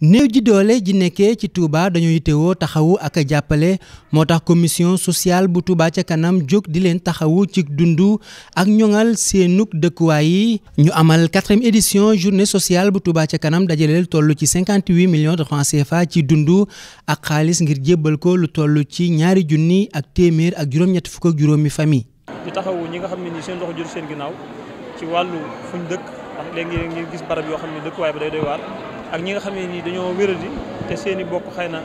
néew ji doole ji nekkee ci Touba dañoo yittewoo taxawu ak jàppale moo tax commission sociale bu Touba ca kanam jóg di leen taxawu ci dundu ak ñoŋal seenug dëkkuwaay yi ñu amal quatrième édition journée sociale bu Touba ca kanam dajaleel tollu ci 58 millions de francs fa ci dundu ak xaalis ngir jébbal ko lu toll ci ñaari junni ak téeméer ak juróomi famille. ñu taxawu ñi nga xam ne seen loxo jur seen ginnaaw ci wàllu fuñ dëkk ndax léegi ngeen gis barab yoo xam ak ñi nga xam ne nii dañoo wéradi te seen i bokk xay na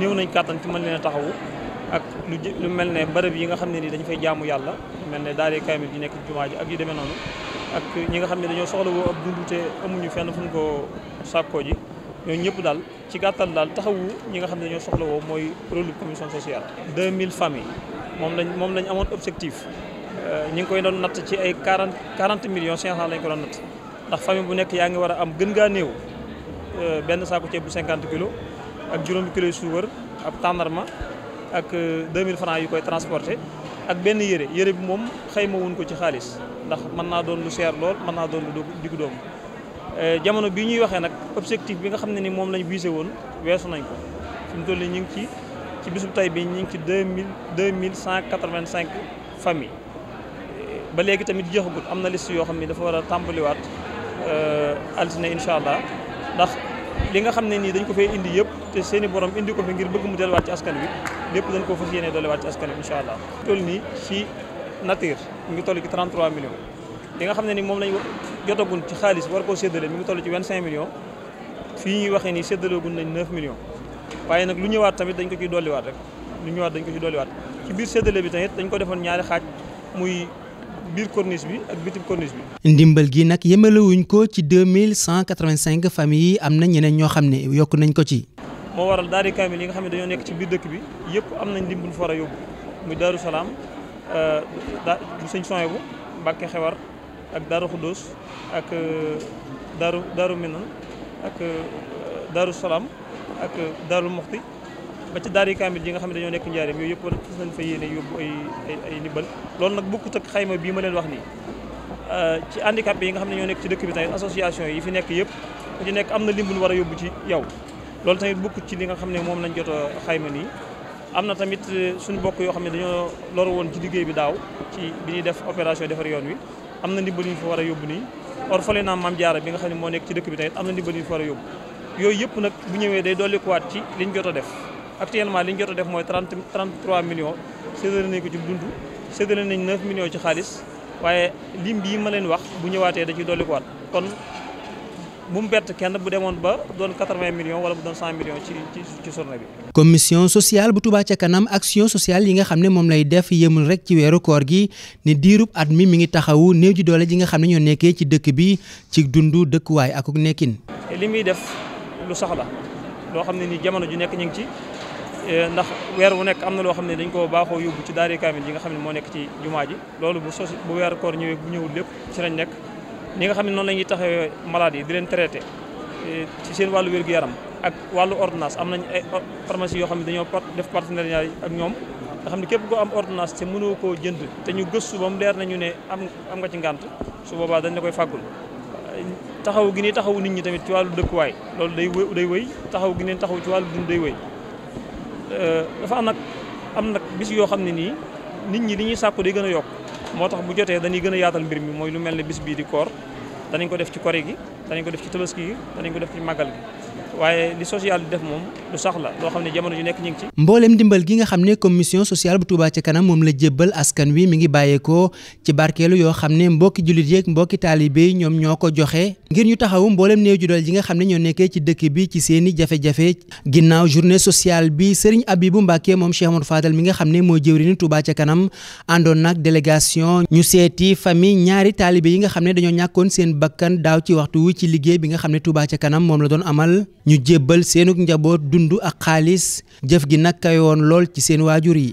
néew nañ kàttan ci mën leen a taxawu ak lu lu mel ne bërëb yi nga xam ne nii dañu fay jaamu yàlla mel ne daara kaamil yi nekk jumaa ji ak yu demee noonu ak ñi nga xam ne soxla woo ab amuñu fenn fu ñu ji ñooñu ñëpp daal ci gàttal daal taxawu ñi nga xam ne dañoo soxla woo mooy rôle commission sociale 2000 familles moom lañ moom lañ amoon objectif euh, ñi ngi koy doon natt ci ay 40 40 millions 500 lañ ko doon natt ndax famille bu nekk yaa ngi war a am gën gaa néew Euh, benn saako ceeb bu cinquante kilos ak juróomi kilos yu suukar ak tàndarma ak euh, mille francs yu koy transporté ak benn yére yére bi moom xayma wuñ ko ci xaalis ndax mën naa doon lu seer lool mën naa doon lu diggu doomu euh, jamono bi ñuy waxee nag objectif bi nga xam ne ni moom lañ visé woon weesu nañ ko fi mu ñu ngi ci ci bisub tay bi ñu ngi ci cent 2000 cinq famille ba léegi tamit jeexagut am na liste yoo xam ne dafa war a tàmbaliwaat altine incha allah ndax li nga xam ne nii dañ ko fay indi yëpp te seen i indi ko fi ngir bëgg mu delluwaat ci askan wi lépp dañ ko fas yéene delluwaat ci askan wi incha allah toll nii ci nature mi ngi toll ci 33 millions li nga xam ne ni moom lañ jotagun ci xaalis war koo séddale mi ngi toll ci 25 millions fii ñuy waxee nii séddalegun nañ 9 millions waaye nag lu ñëwaat tamit dañ ko ciy dolliwaat rek lu ñëwaat dañ ko ci dolliwaat ci biir séddale bi tamit dañ ko defoon ñaari xaaj muy biir corniche bi ak bitim corniche bi. ndimbal gi nag yemalewuñ ko ci deux mille cent quatre-vingt-cinq famille yi am na ñeneen ñoo xam ne yokk nañ ko ci. moo waral daari kaamil yi nga xam ne dañoo nekk ci biir dëkk bi yëpp am nañ ndimbal fa war a yóbbu muy Darou Salaam euh, da bu sëñ Soyebu Mbàkke Xewar ak Darou Khoudoss ak euh, Darou Darou Minan ak euh, Salaam ak Darou Moxti. ba ci daari kaamil yi nga xam ne dañoo nekk njaareem yooyu yëpp fas nañ fa nag bokkut ak xayma bii ma leen wax nii euh, ci handicapé yi nga xam ne ñoo nekk ci dëkk bi tamit yi fi nekk yëpp ku nekk am na lim war a yóbbu ci yow loolu tamit bokkut ci li nga xam ne moom lañ jot xayma nii am na tamit euh, suñu bokk yoo xam ne dañoo loru woon ci liggéey bi daaw ci bi ñuy def opération defar yoon wi am na ndimbal yu ñu a yóbbu nii orphelinat Mame Diarra bi nga xam ne moo nekk ci dëkk bi tamit am na ndimbal yooyu yëpp nag bu ñëwee day dolli kuwaat ci liñ jot a def actuellement li ñu def mooy 30 33 millions séddale nañ ko ci dund séddale nañ 9 millions ci xaalis waaye lim bii ma leen wax bu ñëwaatee da ciy dolli ko waat kon bu mu bett kenn bu demoon ba doon 80 millions wala bu doon 100 millions ci ci ci bi. commission sociale bu Touba ca kanam action sociale yi nga xam ne moom lay def yëmul rek ci weeru koor gi ni diirub at mi mi ngi taxawu néew ji doole ji nga xam ne ñoo nekkee ci dëkk bi ci dund dëkkuwaay ak nekkin. li muy def nekk ñu ngi Euh, ndax weer wu nekk am na loo xam ne dañ ko baaxoo yóbbu ci daari kaamil yi nga xam ne moo nekk ci jumaa ji loolu bu sos bu weer koor ñëwee bu ñëwul lépp ci lañ nekk ni nga xam ne noonu la ñuy taxawee malade yi di leen traité euh, ci seen wàllu wér-gu-yaram ak wàllu ordinance am nañ ay pharmacie yoo xam ne dañoo def partenariat yi ak ñoom nga xam ne képp koo am ordonnance te mënoo koo jënd te ñu gëstu ba mu leer nañu ne am am nga ci ngànt su boobaa dañ la koy fàggul taxaw gi ni taxaw nit ñi tamit ci wàllu dëkkuwaay loolu day wëy day wëy taxaw gi ni taxaw ci wàllu dund day wëy Euh, dafa am nag am nag bis yoo xam ne nii nit ñi li ñuy sàkku day gën a yokk moo tax bu jotee dañuy gën a yaatal mbir mi mooy lu mel ne bis bii di koor danañ ko def ci kori gi danañ ko def ci tabaski gi danañ ko def ci màggal gi waaye li social di def moom lu sax la loo xam ne jamono ju nekk ñu ngi ci. mboolem ndimbal gi nga xam ne commission sociale bu Touba ca kanam moom la jébbal askan wi mi ngi bàyyeekoo ci barkeelu yoo xam ne mbokki jullit yeeg mbokki taalibe yi ñoom ñoo ko joxe. ngir ñu taxawu mboolem néew ju doole ji nga xam ne ñoo nekkee ci dëkk bi ci seen i jafe-jafe ginnaaw journée sociale bi Serigne Abibou moom Cheikh Amadou mi nga xam ne moo jëwriñu Touba ca kanam àndoon nag délégation ñu seeti famille ñaari taalibe yi nga xam ne dañoo ñàkkoon seen bakkan daaw ci waxtu wi liggéey bi nga xam ne Touba ca kanam moom la doon amal ñu jébbal seenug njaboot dund ak xaalis jëf gi nag yoon lool ci seen waajur yi